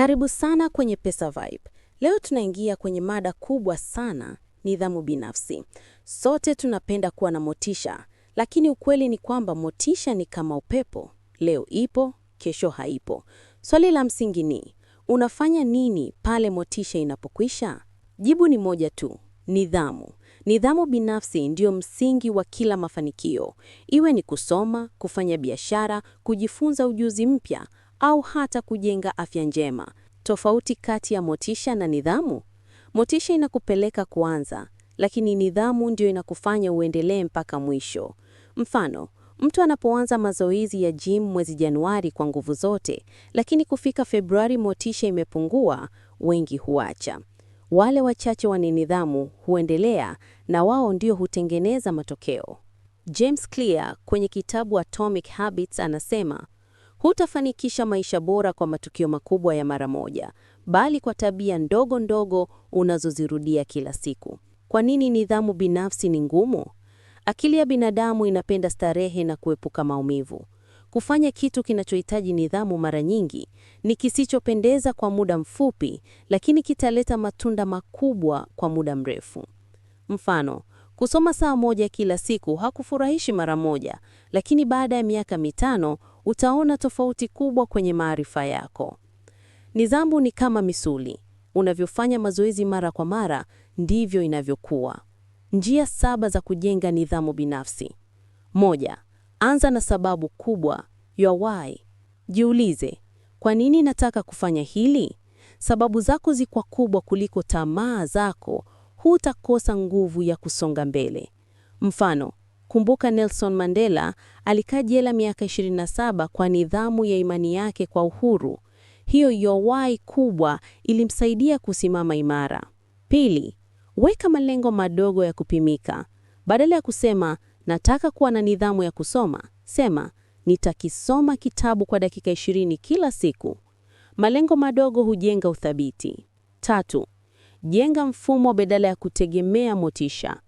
Karibu sana kwenye Pesa Vibe. Leo tunaingia kwenye mada kubwa sana, nidhamu binafsi. Sote tunapenda kuwa na motisha, lakini ukweli ni kwamba motisha ni kama upepo, leo ipo, kesho haipo. Swali la msingi ni unafanya nini pale motisha inapokwisha? Jibu ni moja tu, nidhamu. Nidhamu binafsi ndio msingi wa kila mafanikio, iwe ni kusoma, kufanya biashara, kujifunza ujuzi mpya au hata kujenga afya njema. Tofauti kati ya motisha na nidhamu: motisha inakupeleka kuanza, lakini nidhamu ndio inakufanya uendelee mpaka mwisho. Mfano, mtu anapoanza mazoezi ya gym mwezi Januari kwa nguvu zote, lakini kufika Februari motisha imepungua, wengi huacha. Wale wachache wenye nidhamu huendelea, na wao ndio hutengeneza matokeo. James Clear kwenye kitabu Atomic Habits anasema Hutafanikisha maisha bora kwa matukio makubwa ya mara moja, bali kwa tabia ndogo ndogo unazozirudia kila siku. Kwa nini nidhamu binafsi ni ngumu? Akili ya binadamu inapenda starehe na kuepuka maumivu. Kufanya kitu kinachohitaji nidhamu mara nyingi ni kisichopendeza kwa muda mfupi, lakini kitaleta matunda makubwa kwa muda mrefu. Mfano, kusoma saa moja kila siku hakufurahishi mara moja, lakini baada ya miaka mitano utaona tofauti kubwa kwenye maarifa yako. Nidhamu ni kama misuli, unavyofanya mazoezi mara kwa mara ndivyo inavyokuwa. Njia saba za kujenga nidhamu binafsi. Moja, anza na sababu kubwa, your why. Jiulize, kwa nini nataka kufanya hili? Sababu zako zikwa kubwa kuliko tamaa zako, hutakosa nguvu ya kusonga mbele. Mfano, Kumbuka Nelson Mandela alikaa jela miaka 27 kwa nidhamu ya imani yake kwa uhuru. Hiyo yowai kubwa ilimsaidia kusimama imara. Pili, weka malengo madogo ya kupimika. Badala ya kusema nataka kuwa na nidhamu ya kusoma, sema nitakisoma kitabu kwa dakika 20 kila siku. Malengo madogo hujenga uthabiti. Tatu, jenga mfumo badala ya kutegemea motisha.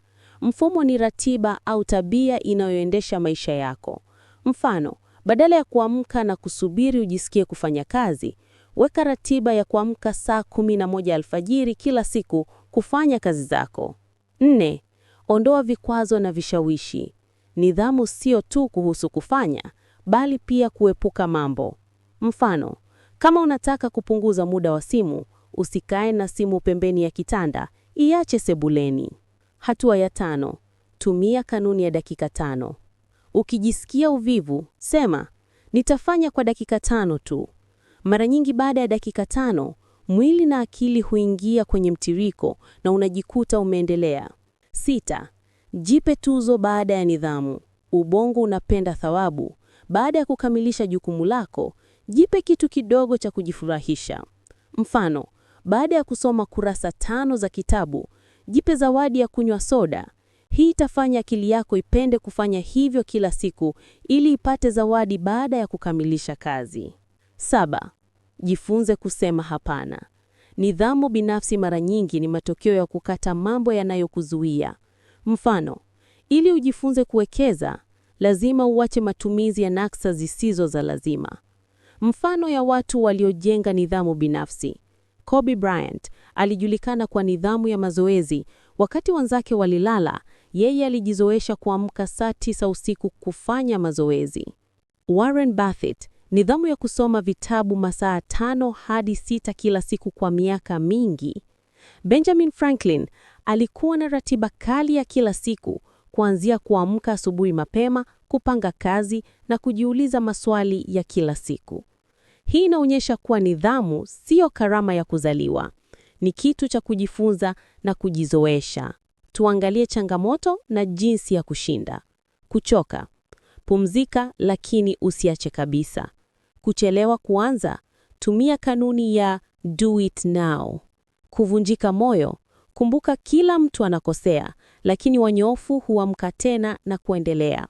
Mfumo ni ratiba au tabia inayoendesha maisha yako. Mfano, badala ya kuamka na kusubiri ujisikie kufanya kazi, weka ratiba ya kuamka saa kumi na moja alfajiri kila siku kufanya kazi zako. Nne, ondoa vikwazo na vishawishi. Nidhamu sio tu kuhusu kufanya, bali pia kuepuka mambo. Mfano, kama unataka kupunguza muda wa simu, usikae na simu pembeni ya kitanda, iache sebuleni. Hatua ya tano: tumia kanuni ya dakika tano. Ukijisikia uvivu, sema nitafanya kwa dakika tano tu. Mara nyingi baada ya dakika tano mwili na akili huingia kwenye mtiriko na unajikuta umeendelea. Sita, jipe tuzo baada ya nidhamu. Ubongo unapenda thawabu. Baada ya kukamilisha jukumu lako, jipe kitu kidogo cha kujifurahisha. Mfano, baada ya kusoma kurasa tano za kitabu, jipe zawadi ya kunywa soda. Hii itafanya akili yako ipende kufanya hivyo kila siku ili ipate zawadi baada ya kukamilisha kazi. Saba, jifunze kusema hapana. Nidhamu binafsi mara nyingi ni matokeo ya kukata mambo yanayokuzuia. Mfano, ili ujifunze kuwekeza, lazima uache matumizi ya naksa zisizo za lazima. Mfano ya watu waliojenga nidhamu binafsi. Kobe Bryant alijulikana kwa nidhamu ya mazoezi. Wakati wenzake walilala, yeye alijizoesha kuamka saa tisa usiku kufanya mazoezi. Warren Buffett, nidhamu ya kusoma vitabu masaa tano hadi sita kila siku kwa miaka mingi. Benjamin Franklin alikuwa na ratiba kali ya kila siku, kuanzia kuamka asubuhi mapema, kupanga kazi na kujiuliza maswali ya kila siku. Hii inaonyesha kuwa nidhamu siyo karama ya kuzaliwa, ni kitu cha kujifunza na kujizoesha. Tuangalie changamoto na jinsi ya kushinda: kuchoka, pumzika lakini usiache kabisa. Kuchelewa kuanza, tumia kanuni ya do it now. Kuvunjika moyo, kumbuka kila mtu anakosea, lakini wanyofu huamka tena na kuendelea.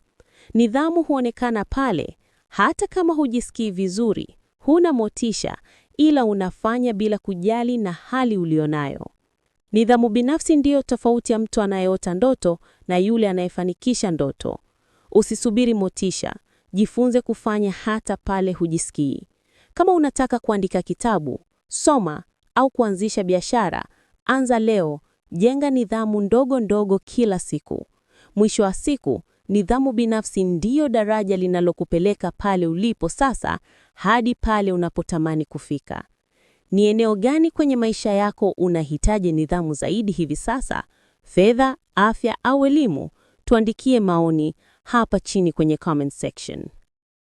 Nidhamu huonekana pale, hata kama hujisikii vizuri huna motisha, ila unafanya bila kujali na hali ulionayo. Nidhamu binafsi ndiyo tofauti ya mtu anayeota ndoto na yule anayefanikisha ndoto. Usisubiri motisha, jifunze kufanya hata pale hujisikii. Kama unataka kuandika kitabu, soma au kuanzisha biashara, anza leo. Jenga nidhamu ndogo ndogo kila siku. Mwisho wa siku Nidhamu binafsi ndiyo daraja linalokupeleka pale ulipo sasa hadi pale unapotamani kufika. Ni eneo gani kwenye maisha yako unahitaji nidhamu zaidi hivi sasa? Fedha, afya au elimu? Tuandikie maoni hapa chini kwenye comment section.